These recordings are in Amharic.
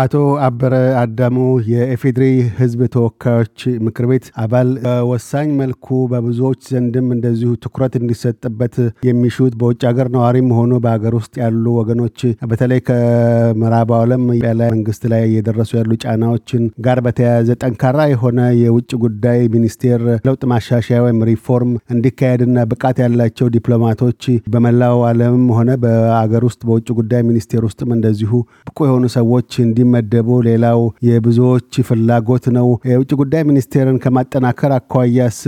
አቶ አበረ አዳሙ የኢፌዴሪ ህዝብ ተወካዮች ምክር ቤት አባል፣ በወሳኝ መልኩ በብዙዎች ዘንድም እንደዚሁ ትኩረት እንዲሰጥበት የሚሹት በውጭ ሀገር ነዋሪም ሆኑ በሀገር ውስጥ ያሉ ወገኖች በተለይ ከምዕራብ ዓለም ላይ መንግስት ላይ እየደረሱ ያሉ ጫናዎችን ጋር በተያያዘ ጠንካራ የሆነ የውጭ ጉዳይ ሚኒስቴር ለውጥ ማሻሻያ ወይም ሪፎርም እንዲካሄድና ብቃት ያላቸው ዲፕሎማቶች በመላው ዓለምም ሆነ በአገር ውስጥ በውጭ ጉዳይ ሚኒስቴር ውስጥም እንደዚሁ ብቁ የሆኑ ሰዎች እንዲመደቡ ሌላው የብዙዎች ፍላጎት ነው። የውጭ ጉዳይ ሚኒስቴርን ከማጠናከር አኳያስ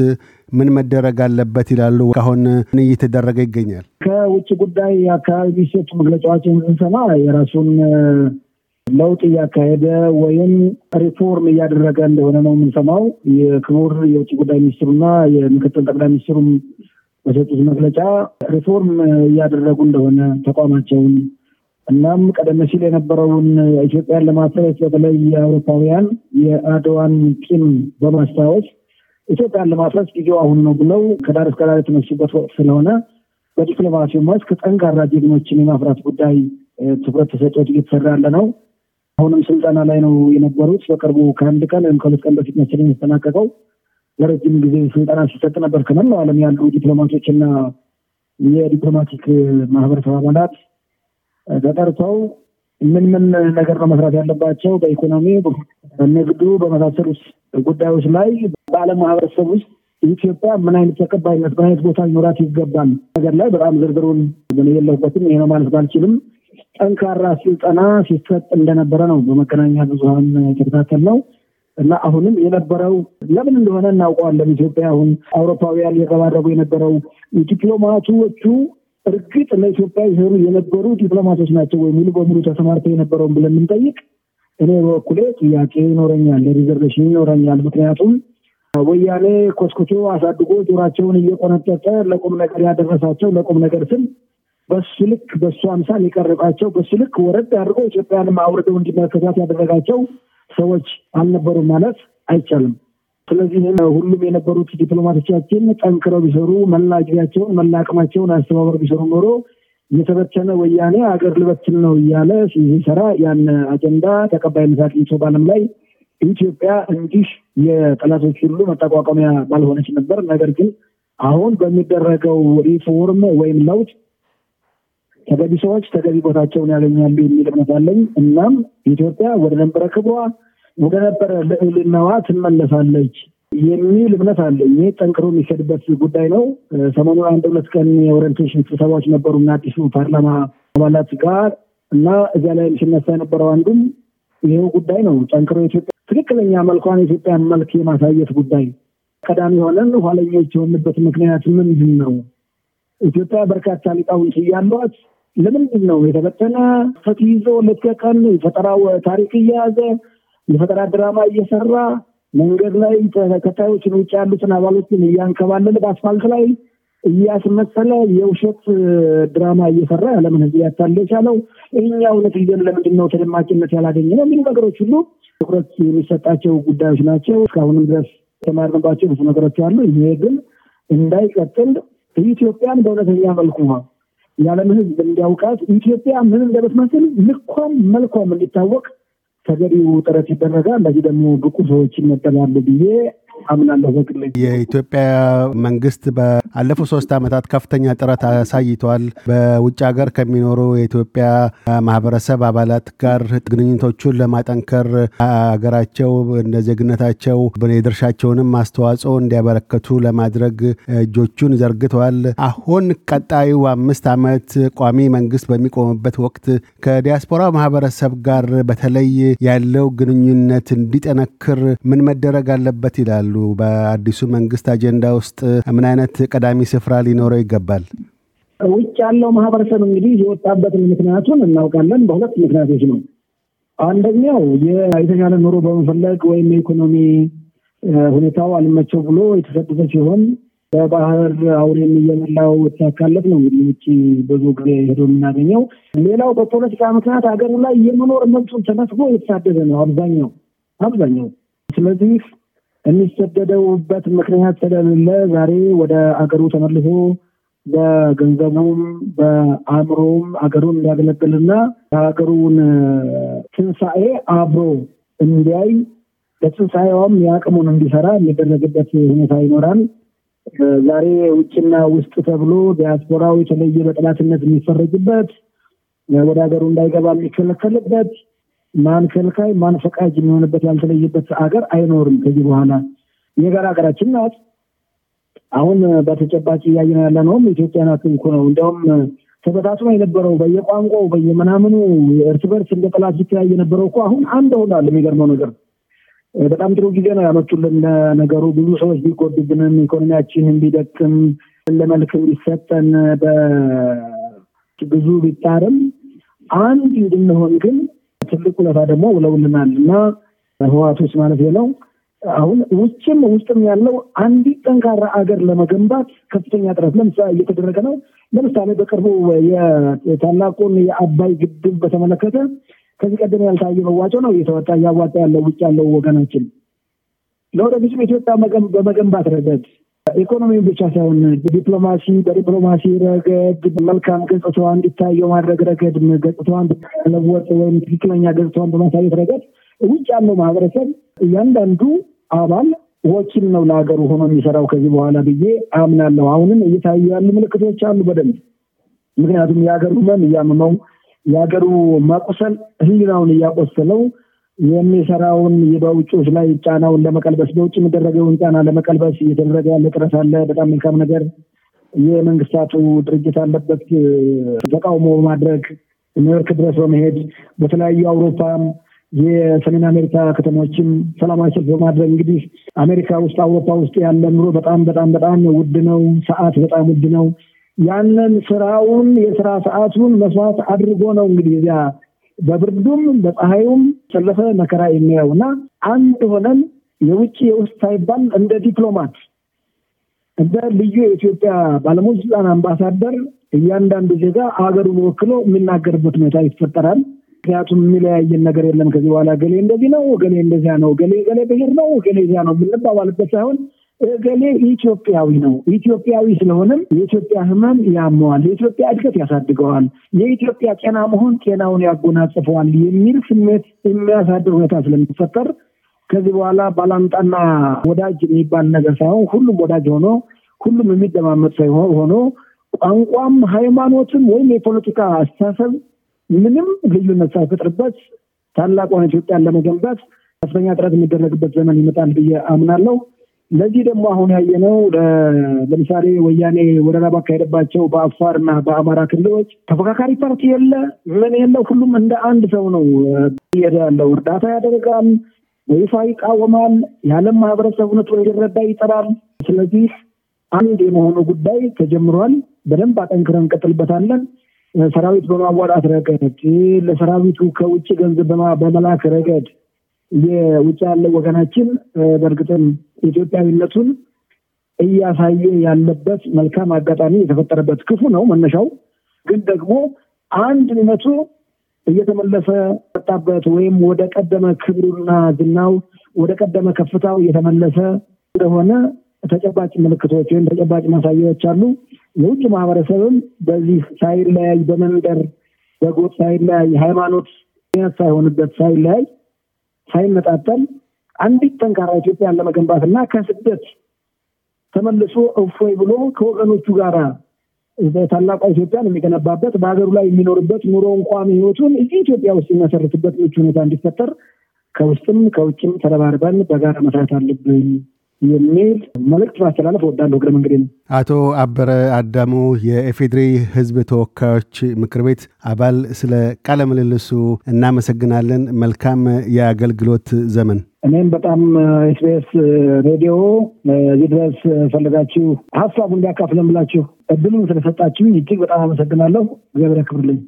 ምን መደረግ አለበት ይላሉ? ካሁን ምን እየተደረገ ይገኛል? ከውጭ ጉዳይ አካባቢ የሚሰጡ መግለጫዎችን ስንሰማ የራሱን ለውጥ እያካሄደ ወይም ሪፎርም እያደረገ እንደሆነ ነው የምንሰማው። የክቡር የውጭ ጉዳይ ሚኒስትሩና የምክትል ጠቅላይ ሚኒስትሩም በሰጡት መግለጫ ሪፎርም እያደረጉ እንደሆነ ተቋማቸውን እናም ቀደም ሲል የነበረውን ኢትዮጵያን ለማሰረት በተለይ የአውሮፓውያን የአድዋን ቂም በማስታወስ ኢትዮጵያን ለማፍረስ ጊዜው አሁን ነው ብለው ከዳር እስከ ዳር የተነሱበት ወቅት ስለሆነ በዲፕሎማሲው መስክ ጠንካራ ጀግኖችን የማፍራት ጉዳይ ትኩረት ተሰጥቶት እየተሰራ ያለ ነው። አሁንም ስልጠና ላይ ነው የነበሩት። በቅርቡ ከአንድ ቀን ወይም ከሁለት ቀን በፊት መሰለኝ የሚጠናቀቀው ለረጅም ጊዜ ስልጠና ሲሰጥ ነበር። ከመላው ዓለም ያሉ ዲፕሎማቶችና የዲፕሎማቲክ ማህበረሰብ አባላት ተጠርተው ምን ምን ነገር ነው መስራት ያለባቸው በኢኮኖሚ፣ ንግዱ፣ በመሳሰሉት ጉዳዮች ላይ በዓለም ማህበረሰብ ውስጥ ኢትዮጵያ ምን አይነት ተቀባይነት ምን አይነት ቦታ ሊኖራት ይገባል ነገር ላይ በጣም ዝርዝሩን የለሁበትም። ይህ ነው ማለት ባልችልም ጠንካራ ስልጠና ሲሰጥ እንደነበረ ነው በመገናኛ ብዙሀን የተከታተል ነው እና አሁንም የነበረው ለምን እንደሆነ እናውቀዋለን። ኢትዮጵያ አሁን አውሮፓውያን የተባረጉ የነበረው ዲፕሎማቶቹ እርግጥ ለኢትዮጵያ ይሰሩ የነበሩ ዲፕሎማቶች ናቸው ወይ ሙሉ በሙሉ ተሰማርተው የነበረውን ብለን የምንጠይቅ እኔ በበኩሌ ጥያቄ ይኖረኛል፣ ሪዘርቬሽን ይኖረኛል። ምክንያቱም ወያኔ ኮስኮቶ አሳድጎ ጆሯቸውን እየቆነጠጠ ለቁም ነገር ያደረሳቸው ለቁም ነገር ስም በሱ ልክ በሱ አምሳል የቀረቃቸው በሱ ልክ ወረድ አድርጎ ኢትዮጵያንም አውርደው እንዲመለከታት ያደረጋቸው ሰዎች አልነበሩም ማለት አይቻልም። ስለዚህ ሁሉም የነበሩት ዲፕሎማቶቻችን ጠንክረው ቢሰሩ መላ ጊዜያቸውን መላ አቅማቸውን አስተባበር ቢሰሩ ኖሮ የተበተነ ወያኔ አገር ልበትን ነው እያለ ሲሰራ ያን አጀንዳ ተቀባይነት አግኝቶ በዓለም ላይ ኢትዮጵያ እንዲህ የጠላቶች ሁሉ መጠቋቋሚያ ባልሆነች ነበር። ነገር ግን አሁን በሚደረገው ሪፎርም ወይም ለውጥ ተገቢ ሰዎች ተገቢ ቦታቸውን ያገኛሉ የሚል እምነት አለኝ። እናም ኢትዮጵያ ወደ ነበረ ክብሯ ወደነበረ ልዕልናዋ ትመለሳለች የሚል እምነት አለ። ይህ ጠንክሮ የሚሄድበት ጉዳይ ነው። ሰሞኑ አንድ ሁለት ቀን የኦሪንቴሽን ስብሰባዎች ነበሩና አዲሱ ፓርላማ አባላት ጋር እና እዚያ ላይ ሲነሳ የነበረው አንዱም ይሄው ጉዳይ ነው። ጠንክሮ ኢትዮጵያ ትክክለኛ መልኳን የኢትዮጵያ መልክ የማሳየት ጉዳይ ቀዳሚ ሆነን ኋለኞች የሆንበት ምክንያት ምንድን ነው? ኢትዮጵያ በርካታ ሊቃውንት እያሏት ለምንድን ነው የተበተነ ፈት ይዞ ለትቀቀን የፈጠራው ታሪክ እየያዘ የፈጠራ ድራማ እየሰራ መንገድ ላይ ተከታዮችን ውጭ ያሉትን አባሎችን እያንከባለለ በአስፋልት ላይ እያስመሰለ የውሸት ድራማ እየሰራ ያለምን ህዝብ ያታለ ቻለው ይህኛ እውነት ይዘን ለምንድን ነው ተደማጭነት ያላገኘ ነው የሚሉ ነገሮች ሁሉ ትኩረት የሚሰጣቸው ጉዳዮች ናቸው። እስካሁንም ድረስ ተማርንባቸው ብዙ ነገሮች አሉ። ይሄ ግን እንዳይቀጥል ኢትዮጵያን በእውነተኛ መልኩ የዓለም ህዝብ እንዲያውቃት ኢትዮጵያ ምን እንደምትመስል ልኳም መልኳም እንዲታወቅ ተገቢው ጥረት ይደረጋል። ለዚህ ደግሞ ብቁ ሰዎች ይመጠላሉ ብዬ አምናለሁ በግሌ። የኢትዮጵያ መንግስት በአለፉት ሶስት ዓመታት ከፍተኛ ጥረት አሳይቷል። በውጭ ሀገር ከሚኖሩ የኢትዮጵያ ማህበረሰብ አባላት ጋር ግንኙነቶቹን ለማጠንከር ሀገራቸው እንደ ዜግነታቸው የድርሻቸውንም አስተዋጽኦ እንዲያበረከቱ ለማድረግ እጆቹን ዘርግተዋል። አሁን ቀጣዩ አምስት ዓመት ቋሚ መንግስት በሚቆምበት ወቅት ከዲያስፖራ ማህበረሰብ ጋር በተለይ ያለው ግንኙነት እንዲጠነክር ምን መደረግ አለበት ይላል። ይገኛሉ? በአዲሱ መንግስት አጀንዳ ውስጥ ምን አይነት ቀዳሚ ስፍራ ሊኖረው ይገባል? ውጭ ያለው ማህበረሰብ እንግዲህ የወጣበትን ምክንያቱን እናውቃለን። በሁለት ምክንያቶች ነው። አንደኛው የተሻለ ኑሮ በመፈለግ ወይም የኢኮኖሚ ሁኔታው አልመቸው ብሎ የተሰደደ ሲሆን በባህር አውሬም እየበላው ሲያካለት ነው እንግዲህ ውጭ ብዙ ጊዜ ሄዶ የምናገኘው። ሌላው በፖለቲካ ምክንያት ሀገሩ ላይ የመኖር መብቱን ተነስቦ የተሳደደ ነው አብዛኛው አብዛኛው። ስለዚህ የሚሰደደውበት ምክንያት ስለሌለ ዛሬ ወደ አገሩ ተመልሶ በገንዘቡም በአእምሮም አገሩን እንዲያገለግልና የሀገሩን ትንሣኤ አብሮ እንዲያይ ለትንሣኤዋም የአቅሙን እንዲሰራ የሚደረግበት ሁኔታ ይኖራል። ዛሬ ውጭና ውስጥ ተብሎ ዲያስፖራው የተለየ በጠላትነት የሚፈረጅበት፣ ወደ ሀገሩ እንዳይገባ የሚከለከልበት ማን ከልካይ ማን ፈቃጅ የሚሆንበት ያልተለየበት አገር አይኖርም ከዚህ በኋላ የጋራ ሀገራችን ናት። አሁን በተጨባጭ እያየን ያለ ነውም ኢትዮጵያ ናት እኮ ነው። እንዲያውም ተበታትኖ የነበረው በየቋንቋው በየምናምኑ እርስ በርስ እንደ ጠላት ሲተያየ የነበረው እኮ አሁን አንድ ሆኗል። የሚገርመው ነገር በጣም ጥሩ ጊዜ ነው ያመጡልን። ለነገሩ ብዙ ሰዎች ቢጎዱብንም ኢኮኖሚያችን ቢደቅም ለመልክ ቢሰጠን በብዙ ቢጣርም አንድ እንድንሆን ግን ትልቅ ውለታ ደግሞ ውለውልናል እና ህዋቶች ማለት ነው። አሁን ውጭም ውስጥም ያለው አንዲት ጠንካራ አገር ለመገንባት ከፍተኛ ጥረት ለምሳሌ እየተደረገ ነው። ለምሳሌ በቅርቡ የታላቁን የአባይ ግድብ በተመለከተ ከዚህ ቀደም ያልታየ መዋጮ ነው እየተወጣ እያዋጣ ያለው ውጭ ያለው ወገናችን ለወደፊትም ኢትዮጵያ በመገንባት ረገድ ኢኮኖሚውን ብቻ ሳይሆን ዲፕሎማሲ በዲፕሎማሲ ረገድ መልካም ገጽታዋ እንዲታየው ማድረግ ረገድ ገጽታዋን በመለወጥ ወይም ትክክለኛ ገጽታዋን በማሳየት ረገድ ውጭ ያለው ማህበረሰብ እያንዳንዱ አባል ወኪል ነው ለሀገሩ ሆኖ የሚሰራው ከዚህ በኋላ ብዬ አምናለሁ። አሁንም እየታዩ ያሉ ምልክቶች አሉ በደንብ ምክንያቱም የሀገሩ መን እያመመው የሀገሩ መቁሰል ህሊናውን እያቆሰለው የሚሰራውን በውጭዎች ላይ ጫናውን ለመቀልበስ በውጭ የሚደረገውን ጫና ለመቀልበስ እየተደረገ ያለ ጥረት አለ። በጣም መልካም ነገር የመንግስታቱ ድርጅት አለበት ተቃውሞ በማድረግ ኒውዮርክ ድረስ በመሄድ በተለያዩ አውሮፓም የሰሜን አሜሪካ ከተሞችም ሰላማዊ ሰልፍ በማድረግ እንግዲህ አሜሪካ ውስጥ አውሮፓ ውስጥ ያለ ኑሮ በጣም በጣም በጣም ውድ ነው። ሰዓት በጣም ውድ ነው። ያንን ስራውን የስራ ሰዓቱን መስዋዕት አድርጎ ነው እንግዲህ እዚያ በብርዱም በፀሐዩም ያለፈ መከራ የሚያዩና አንድ ሆነን የውጭ የውስጥ ሳይባል እንደ ዲፕሎማት እንደ ልዩ የኢትዮጵያ ባለሙሉ ስልጣን አምባሳደር እያንዳንዱ ዜጋ ሀገሩን ወክሎ የሚናገርበት ሁኔታ ይፈጠራል። ምክንያቱም የሚለያየን ነገር የለም። ከዚህ በኋላ ገሌ እንደዚህ ነው፣ ገሌ እንደዚያ ነው፣ ገሌ ገሌ ብሄር ነው፣ ገሌ እዚያ ነው የምንባባልበት ሳይሆን እገሌ ኢትዮጵያዊ ነው። ኢትዮጵያዊ ስለሆነም የኢትዮጵያ ህመም ያመዋል፣ የኢትዮጵያ እድገት ያሳድገዋል፣ የኢትዮጵያ ጤና መሆን ጤናውን ያጎናጽፈዋል የሚል ስሜት የሚያሳድር ሁኔታ ስለሚፈጠር ከዚህ በኋላ ባላንጣና ወዳጅ የሚባል ነገር ሳይሆን ሁሉም ወዳጅ ሆኖ ሁሉም የሚደማመጥ ሳይሆን ሆኖ ቋንቋም፣ ሃይማኖትም ወይም የፖለቲካ አስተሳሰብ ምንም ልዩነት ሳይፈጥርበት ታላቋን ኢትዮጵያን ለመገንባት ከፍተኛ ጥረት የሚደረግበት ዘመን ይመጣል ብዬ አምናለሁ። ለዚህ ደግሞ አሁን ያየነው ለምሳሌ ወያኔ ወረራ ባካሄደባቸው በአፋርና በአማራ ክልሎች ተፎካካሪ ፓርቲ የለ ምን የለው፣ ሁሉም እንደ አንድ ሰው ነው እየሄደ ያለው። እርዳታ ያደርጋል፣ በይፋ ይቃወማል፣ የዓለም ማህበረሰብ እውነቱን እንዲረዳ ይጠራል። ስለዚህ አንድ የመሆኑ ጉዳይ ተጀምሯል። በደንብ አጠንክረን እንቀጥልበታለን። ሰራዊት በማዋጣት ረገድ፣ ለሰራዊቱ ከውጭ ገንዘብ በመላክ ረገድ የውጭ ያለው ወገናችን በእርግጥም ኢትዮጵያዊነቱን እያሳየ ያለበት መልካም አጋጣሚ የተፈጠረበት ክፉ ነው መነሻው ግን ደግሞ አንድነቱ እየተመለሰ መጣበት ወይም ወደ ቀደመ ክብሩና ዝናው ወደ ቀደመ ከፍታው እየተመለሰ እንደሆነ ተጨባጭ ምልክቶች ወይም ተጨባጭ ማሳያዎች አሉ። የውጭ ማህበረሰብም በዚህ ሳይለያይ በመንደር በጎጥ ሳይለያይ ሃይማኖት ምክንያት ሳይሆንበት ሳይለያይ ሳይመጣጠል አንዲት ጠንካራ ኢትዮጵያን ለመገንባት እና ከስደት ተመልሶ እፎይ ብሎ ከወገኖቹ ጋራ በታላቋ ኢትዮጵያን የሚገነባበት በሀገሩ ላይ የሚኖርበት ኑሮውን ቋሚ ህይወቱን እዚህ ኢትዮጵያ ውስጥ የሚመሰርትበት ምቹ ሁኔታ እንዲፈጠር ከውስጥም ከውጭም ተረባርበን በጋራ መስራት አለብን የሚል መልእክት ማስተላለፍ እወዳለሁ። እግረ መንገዴ ነው። አቶ አበረ አዳሙ የኢፌዴሪ ህዝብ ተወካዮች ምክር ቤት አባል፣ ስለ ቃለ ምልልሱ እናመሰግናለን። መልካም የአገልግሎት ዘመን እኔም በጣም ኤስቢኤስ ሬዲዮ እዚህ ድረስ ፈለጋችሁ ሀሳቡ እንዲያካፍለን ብላችሁ እድሉን ስለሰጣችሁኝ እጅግ በጣም አመሰግናለሁ። እግዚአብሔር ያክብርልኝ።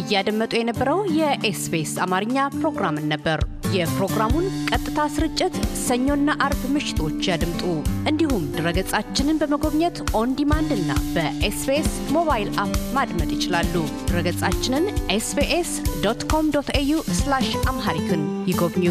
እያደመጡ የነበረው የኤስቢኤስ አማርኛ ፕሮግራምን ነበር። የፕሮግራሙን ቀጥታ ስርጭት ሰኞና አርብ ምሽቶች ያድምጡ። እንዲሁም ድረገጻችንን በመጎብኘት ኦን ዲማንድ እና በኤስቢኤስ ሞባይል አፕ ማድመጥ ይችላሉ። ድረገጻችንን ኤስቢኤስ ዶት ኮም ዶት ኤዩ አምሃሪክን ይጎብኙ።